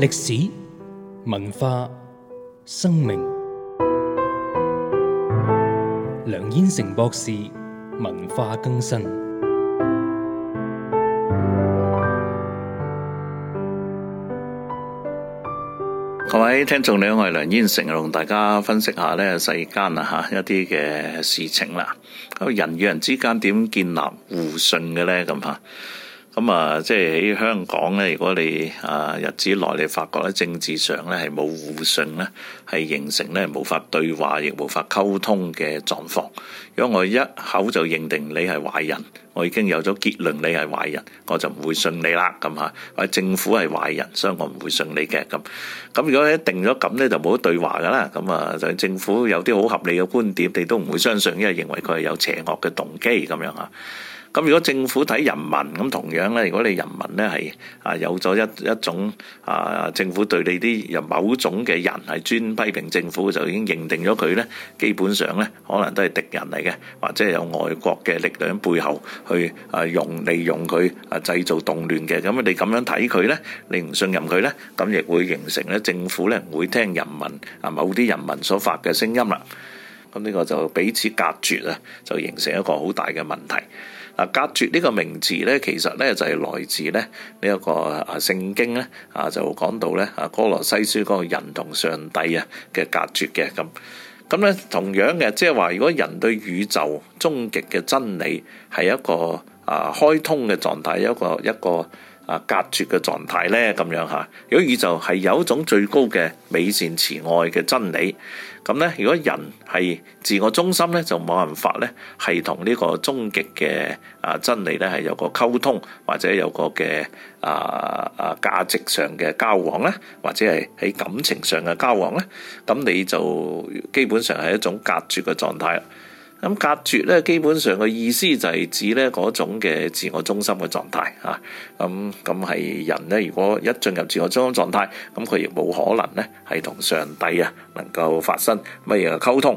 歷史、文化、生命，梁燕城博士文化更新。各位聽眾咧，我係梁燕城，同大家分析下呢世間啊吓一啲嘅事情啦。咁人與人之間點建立互信嘅呢？咁吓。咁啊，即係喺香港咧，如果你啊日子來，你發覺咧，政治上咧係冇互信咧，係形成咧無法對話亦無法溝通嘅狀況。如果我一口就認定你係壞人，我已經有咗結論你係壞人，我就唔會信你啦，咁嚇。或者政府係壞人，所以我唔會信你嘅。咁咁如果一定咗咁咧，就冇得對話噶啦。咁啊，就政府有啲好合理嘅觀點，你都唔會相信，因為認為佢係有邪惡嘅動機咁樣嚇。咁如果政府睇人民咁，同樣咧，如果你人民咧係啊有咗一一種啊，政府對你啲有某種嘅人係專批評政府就已經認定咗佢咧，基本上咧可能都係敵人嚟嘅，或者有外國嘅力量喺背後去啊用利用佢啊製造動亂嘅。咁你咁樣睇佢咧，你唔信任佢咧，咁亦會形成咧政府咧唔會聽人民啊某啲人民所發嘅聲音啦。咁呢個就彼此隔絕啊，就形成一個好大嘅問題。隔絕呢個名詞呢，其實呢就係來自呢呢一個啊聖經呢，啊就講到呢，啊哥羅西書嗰個人同上帝啊嘅隔絕嘅咁咁呢同樣嘅即係話，如果人對宇宙終極嘅真理係一個啊開通嘅狀態，一個一個啊隔絕嘅狀態呢，咁樣吓，如果宇宙係有一種最高嘅美善慈愛嘅真理。咁咧，如果人係自我中心咧，就冇辦法咧，係同呢個終極嘅啊真理咧，係有個溝通，或者有個嘅啊啊價值上嘅交往咧，或者係喺感情上嘅交往咧，咁你就基本上係一種隔絕嘅狀態。咁隔絕咧，基本上嘅意思就係指咧嗰種嘅自我中心嘅狀態吓。咁咁係人咧，如果一進入自我中心狀態，咁佢亦冇可能咧係同上帝啊能夠發生乜嘢嘅溝通。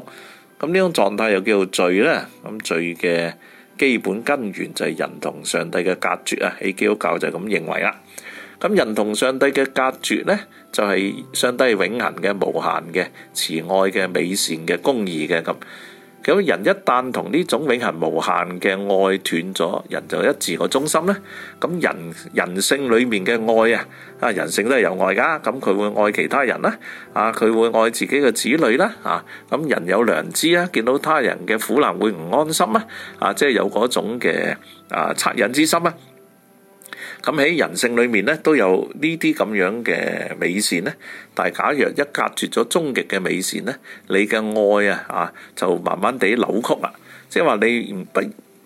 咁、嗯、呢種狀態又叫做罪咧。咁、嗯、罪嘅基本根源就係人同上帝嘅隔絕啊。喺基督教，教就咁認為啦。咁、嗯、人同上帝嘅隔絕咧，就係、是、上帝永恆嘅無限嘅慈愛嘅美善嘅公義嘅咁。咁人一旦同呢種永恆無限嘅愛斷咗，人就一自我中心咧。咁人人性裏面嘅愛啊，啊人性都係有愛噶，咁佢會愛其他人啦，啊佢會愛自己嘅子女啦，啊咁人有良知啊，見到他人嘅苦難會唔安心啊，啊即係有嗰種嘅啊惻隱之心啊。咁喺人性裏面咧都有呢啲咁樣嘅美善呢，但係假若一隔絕咗終極嘅美善呢，你嘅愛啊，啊就慢慢地扭曲啦，即係話，你唔不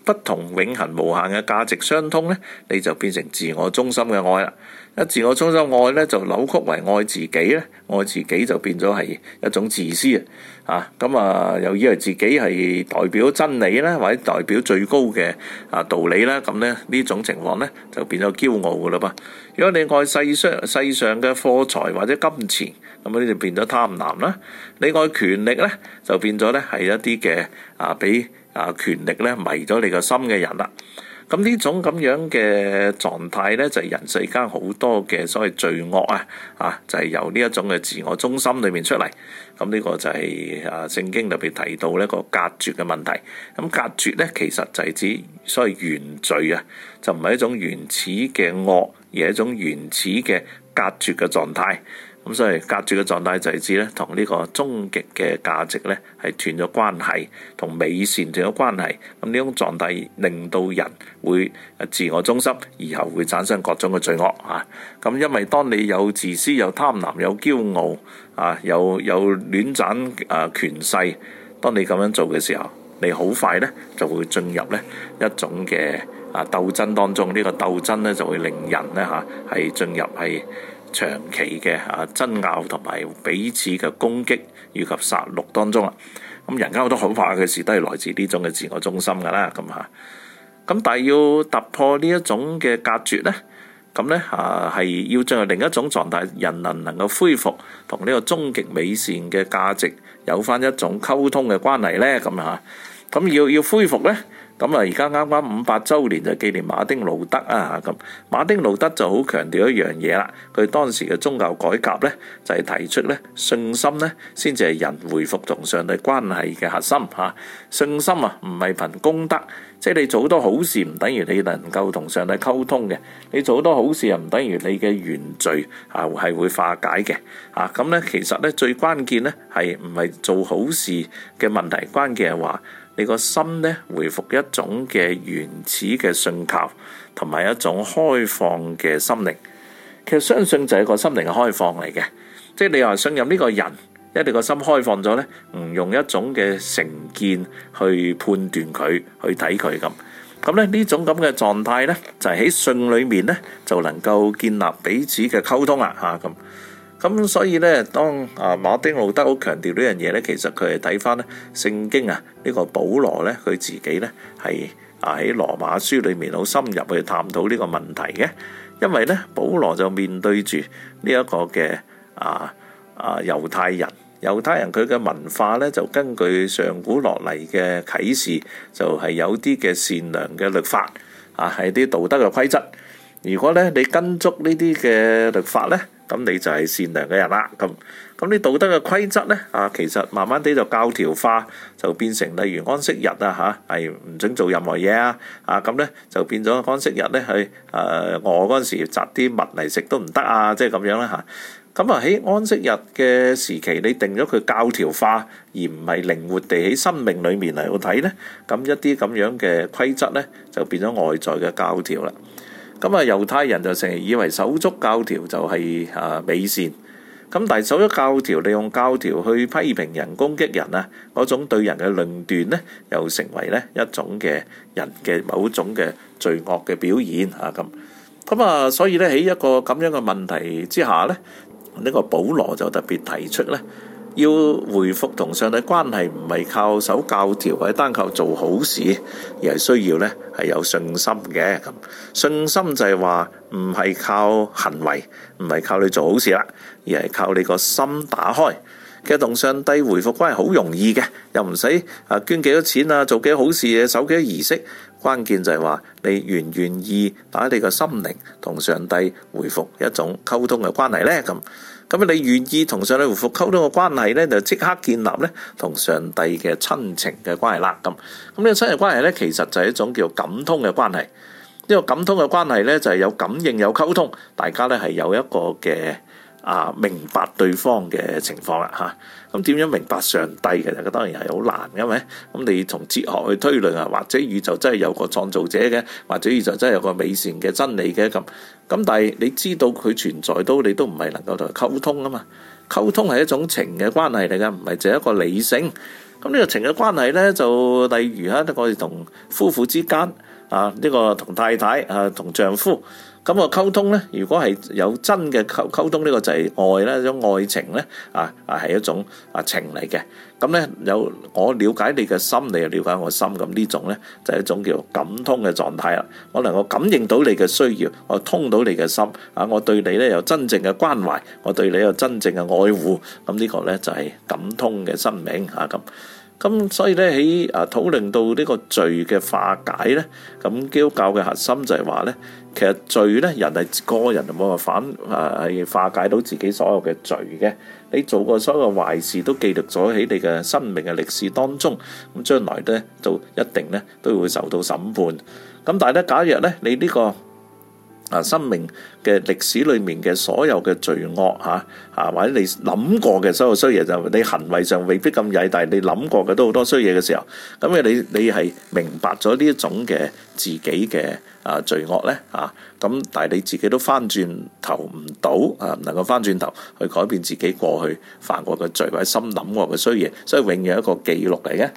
不同永恆無限嘅價值相通呢，你就變成自我中心嘅愛啦。一自我中心愛咧，就扭曲為愛自己咧，愛自己就變咗係一種自私啊！咁啊，又以為自己係代表真理咧，或者代表最高嘅啊道理咧，咁咧呢種情況咧就變咗驕傲嘅嘞噃。如果你愛世上世上嘅貨財或者金錢，咁你就變咗貪婪啦。你愛權力咧，就變咗咧係一啲嘅啊俾啊權力咧迷咗你個心嘅人啦。咁呢種咁樣嘅狀態呢，就係、是、人世間好多嘅所謂罪惡啊！啊，就係、是、由呢一種嘅自我中心裏面出嚟。咁、這、呢個就係啊聖經裏面提到呢個隔絕嘅問題。咁隔絕呢，其實就係指所謂原罪啊，就唔係一種原始嘅惡，而係一種原始嘅隔絕嘅狀態。咁所以隔住嘅狀態就係指咧，同呢個終極嘅價值咧，係斷咗關係，同美善斷咗關係。咁呢種狀態令到人會自我中心，然後會產生各種嘅罪惡嚇。咁、啊、因為當你有自私、有貪婪、有驕傲啊，有有亂掙啊權勢，當你咁樣做嘅時候，你好快咧就會進入咧一種嘅啊鬥爭當中。呢、這個鬥爭咧就會令人咧嚇係進入係。長期嘅啊爭拗同埋彼此嘅攻擊以及殺戮當中啦，咁人間好多可怕嘅事都係來自呢種嘅自我中心噶啦。咁吓，咁但係要突破呢一種嘅隔絕呢，咁呢啊係要進入另一種狀態，人能能夠恢復同呢個終極美善嘅價值有翻一種溝通嘅關係呢。咁啊，咁要要恢復呢。咁啊，而家啱啱五百周年就紀念馬丁路德啊，咁馬丁路德就好強調一樣嘢啦，佢當時嘅宗教改革呢，就係提出呢信心呢先至係人回復同上帝關係嘅核心嚇，信心啊唔係憑功德，即係你做好多好事，唔等於你能夠同上帝溝通嘅，你做好多好事，又唔等於你嘅原罪，啊係會化解嘅，啊咁呢，其實呢，最關鍵呢，係唔係做好事嘅問題，關鍵係話。你個心呢回復一種嘅原始嘅信靠，同埋一種開放嘅心靈。其實相信就係個心靈嘅開放嚟嘅，即係你話，信任呢個人，一定個心開放咗呢，唔用一種嘅成見去判斷佢，去睇佢咁。咁呢呢種咁嘅狀態呢，就係喺信裏面呢就能夠建立彼此嘅溝通啦！吓咁。咁所以呢，當啊馬丁路德好強調呢樣嘢呢，其實佢係睇翻呢聖經啊，呢個保羅呢，佢自己呢係啊喺羅馬書裏面好深入去探討呢個問題嘅，因為呢，保羅就面對住呢一個嘅啊啊猶太人，猶太人佢嘅文化呢，就根據上古落嚟嘅啟示，就係、是、有啲嘅善良嘅律法啊，係啲道德嘅規則。如果呢，你跟足呢啲嘅律法呢，咁你就係善良嘅人啦。咁咁啲道德嘅規則呢，啊，其實慢慢地就教條化，就變成例如安息日啊，吓，係唔准做任何嘢啊。啊，咁、啊、呢就變咗安息日呢，係誒餓嗰陣時要摘啲物嚟食都唔得啊，即係咁樣啦嚇。咁啊喺、啊、安息日嘅時期，你定咗佢教條化，而唔係靈活地喺生命裏面嚟去睇呢，咁一啲咁樣嘅規則呢，就變咗外在嘅教條啦。咁啊，猶太人就成日以為守足教條就係啊美善，咁但係守足教條，你用教條去批評人、攻擊人啊，嗰種對人嘅論斷呢，又成為呢一種嘅人嘅某種嘅罪惡嘅表現啊咁。咁啊，所以呢，喺一個咁樣嘅問題之下呢，呢、呢個保羅就特別提出呢。要回復同上帝關係唔係靠守教條，或者單靠做好事，而係需要咧係有信心嘅。信心就係話唔係靠行為，唔係靠你做好事啦，而係靠你個心打開。其實同上帝回復關係好容易嘅，又唔使啊捐幾多錢啊，做幾多好事嘅，守幾多儀式。關鍵就係話你願唔願意打你個心靈同上帝回復一種溝通嘅關係呢？咁。咁你願意同上帝回復溝通嘅關係呢，就即刻建立呢同上帝嘅親情嘅關係啦。咁咁呢個親情關係呢，其實就係一種叫感通嘅關係。呢、這個感通嘅關係呢，就係、是、有感應，有溝通，大家呢，係有一個嘅。啊！明白對方嘅情況啦，嚇咁點樣明白上帝？其實當然係好難，因為咁你從哲學去推論啊，或者宇宙真係有個創造者嘅，或者宇宙真係有個美善嘅真理嘅咁。咁、啊、但係你知道佢存在都，你都唔係能夠同佢溝通啊嘛。溝通係一種情嘅關係嚟噶，唔係淨係一個理性。咁、啊、呢、這個情嘅關係呢，就例如啊，我哋同夫婦之間啊，呢、這個同太太啊，同丈夫。咁我溝通呢，如果係有真嘅溝溝通呢，個就係愛啦，種愛情呢，啊啊係一種啊情嚟嘅。咁呢，有我了解你嘅心，你又了解我心，咁呢種呢，就係一種叫感通嘅狀態啦。我能夠感應到你嘅需要，我通到你嘅心啊，我對你呢，有真正嘅關懷，我對你有真正嘅愛護，咁呢個呢，就係感通嘅生命，嚇咁。咁所以咧，喺啊討論到呢個罪嘅化解咧，咁基督教嘅核心就係話咧，其實罪咧，人係個人冇辦法啊係化解到自己所有嘅罪嘅，你做過所有嘅壞事都記錄咗喺你嘅生命嘅歷史當中，咁將來咧就一定咧都會受到審判。咁但係咧，假若咧你呢個啊！生命嘅歷史裏面嘅所有嘅罪惡嚇嚇，或者你諗過嘅所有衰嘢，就你行為上未必咁曳，但係你諗過嘅都好多衰嘢嘅時候，咁啊你你係明白咗呢一種嘅自己嘅啊罪惡咧啊，咁但係你自己都翻轉頭唔到啊，唔能夠翻轉頭去改變自己過去犯過嘅罪或者心諗過嘅衰嘢，所以永遠一個記錄嚟嘅。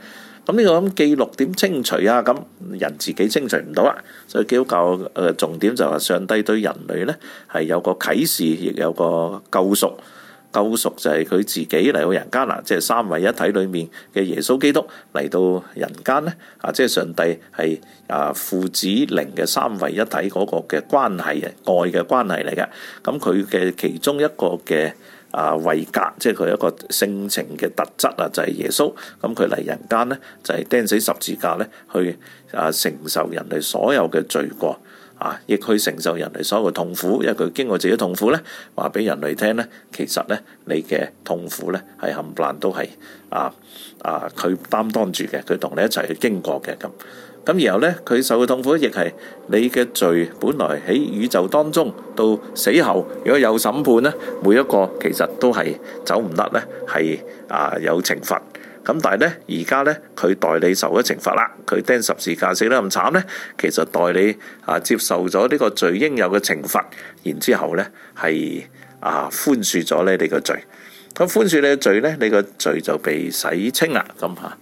咁呢個咁記錄點清除啊？咁人自己清除唔到啦，所以基督教誒重點就係上帝對人類呢係有個啟示，亦有個救贖。救贖就係佢自己嚟到人間啦，即係三位一體裏面嘅耶穌基督嚟到人間呢，啊！即係上帝係啊父子靈嘅三位一體嗰個嘅關係，愛嘅關係嚟嘅。咁佢嘅其中一個嘅。啊，慧格即係佢一個性情嘅特質啊，就係、是、耶穌。咁佢嚟人間咧，就係、是、釘死十字架咧，去啊承受人哋所有嘅罪過。啊！亦去承受人類所有嘅痛苦，因為佢經過自己痛苦咧，話俾人類聽咧，其實咧你嘅痛苦咧係冚唪唥都係啊啊佢擔當住嘅，佢同你一齊去經過嘅咁咁。然後咧佢受嘅痛苦亦係你嘅罪，本來喺宇宙當中到死後如果有審判咧，每一個其實都係走唔甩咧，係啊有懲罰。咁但係咧，而家咧，佢代你受咗懲罰啦，佢釘十字架死得咁慘咧，其實代你啊接受咗呢個罪應有嘅懲罰，然之後咧係啊寬恕咗咧你個罪，咁寬恕你嘅罪咧，你個罪就被洗清啦，咁、嗯、吓。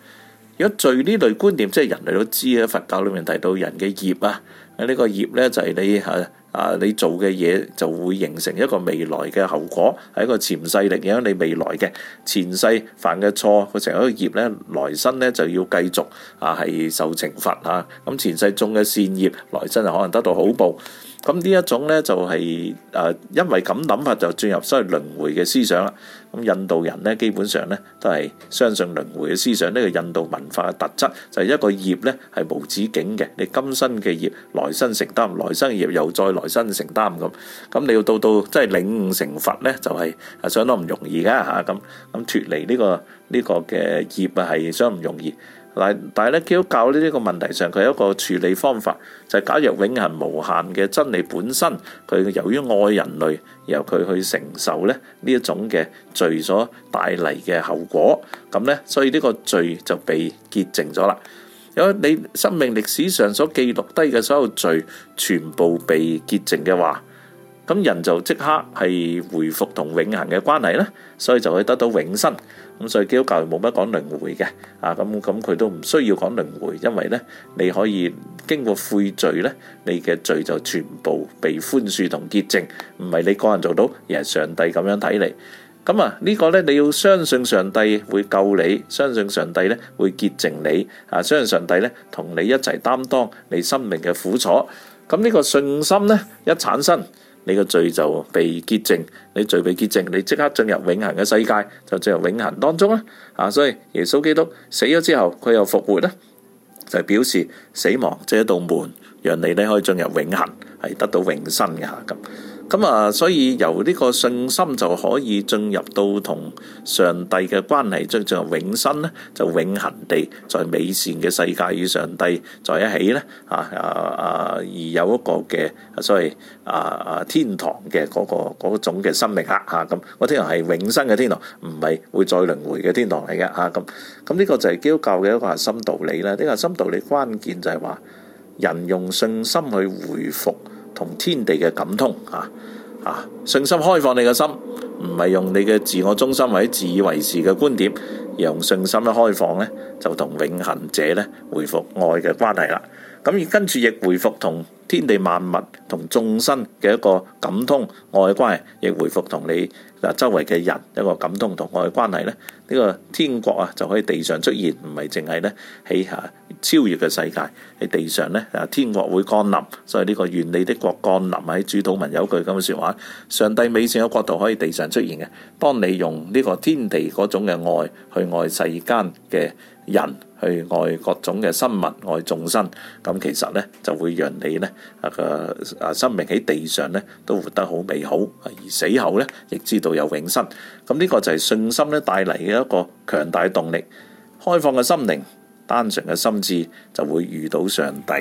如果罪呢類觀念，即係人類都知啊，佛教裏面提到人嘅業、這個、業啊，呢個業咧就係你吓。啊！你做嘅嘢就會形成一個未來嘅後果，係一個前世嚟影響你未來嘅前世犯嘅錯，佢成個業呢來生呢，就要繼續啊係受懲罰啊！咁前世種嘅善業，來生就可能得到好報。咁呢一種呢，就係誒，因為咁諗法就進入即係輪迴嘅思想啦。咁印度人呢，基本上呢，都係相信輪迴嘅思想，呢個印度文化嘅特質就係、是、一個業呢，係無止境嘅，你今生嘅業來生承擔，來生嘅業又再來生承擔咁。咁你要到到即係領悟成佛呢，就係啊相當唔容易㗎吓，咁咁脫離呢、呢個呢、呢個嘅業啊，係相當唔容易。嗱，但係咧基督教呢呢個問題上，佢有一個處理方法，就係假若永恆無限嘅真理本身，佢由於愛人類，由佢去承受咧呢一種嘅罪所帶嚟嘅後果，咁咧，所以呢個罪就被潔淨咗啦。如果你生命歷史上所記錄低嘅所有罪，全部被潔淨嘅話。咁人就即刻係回復同永恆嘅關係咧，所以就可以得到永生。咁所以基督教冇乜講輪迴嘅啊。咁咁佢都唔需要講輪迴，因為咧你可以經過悔罪咧，你嘅罪就全部被寬恕同潔淨，唔係你個人做到，而係上帝咁樣睇你。咁啊呢個咧你要相信上帝會救你，相信上帝咧會潔淨你啊，相信上帝咧同你一齊擔當你生命嘅苦楚。咁呢個信心咧一產生。你個罪就被潔淨，你罪被潔淨，你即刻進入永恆嘅世界，就進入永恆當中啦。啊，所以耶穌基督死咗之後，佢又復活啦，就表示死亡即、就是、一道門，讓你咧可以進入永恆，係得到永生㗎咁。啊咁啊，所以由呢個信心就可以進入到同上帝嘅關係，將進入永生咧，就永恒地在美善嘅世界與上帝在一起咧。啊啊啊！而有一個嘅，所謂啊啊天堂嘅嗰、那個種嘅生命啊，嚇咁，天堂係永生嘅天堂，唔係會再輪迴嘅天堂嚟嘅嚇咁。咁、啊、呢、這個就係基督教嘅一個核心道理啦。呢、這個核心道理關鍵就係話，人用信心去回復。同天地嘅感通啊啊！信心開放你嘅心，唔係用你嘅自我中心或者自以為是嘅觀點，而用信心一開放呢，就同永恒者呢回復愛嘅關係啦。咁而跟住亦回復同天地萬物同眾生嘅一個感通愛關係，亦回復同你嗱周圍嘅人一個感通同愛關係咧。呢、這個天國啊，就可以地上出現，唔係淨係咧喺下超越嘅世界。喺地上咧，啊天國會降臨，所以呢個願你的國降臨喺主禱文有句咁嘅説話：上帝美善嘅國度可以地上出現嘅。當你用呢個天地嗰種嘅愛去愛世間嘅。人去愛各種嘅生物，愛眾生，咁其實呢就會讓你呢啊個啊生命喺地上呢都活得好美好，而死後呢亦知道有永生。咁呢個就係信心呢帶嚟嘅一個強大動力，開放嘅心靈、單純嘅心智就會遇到上帝。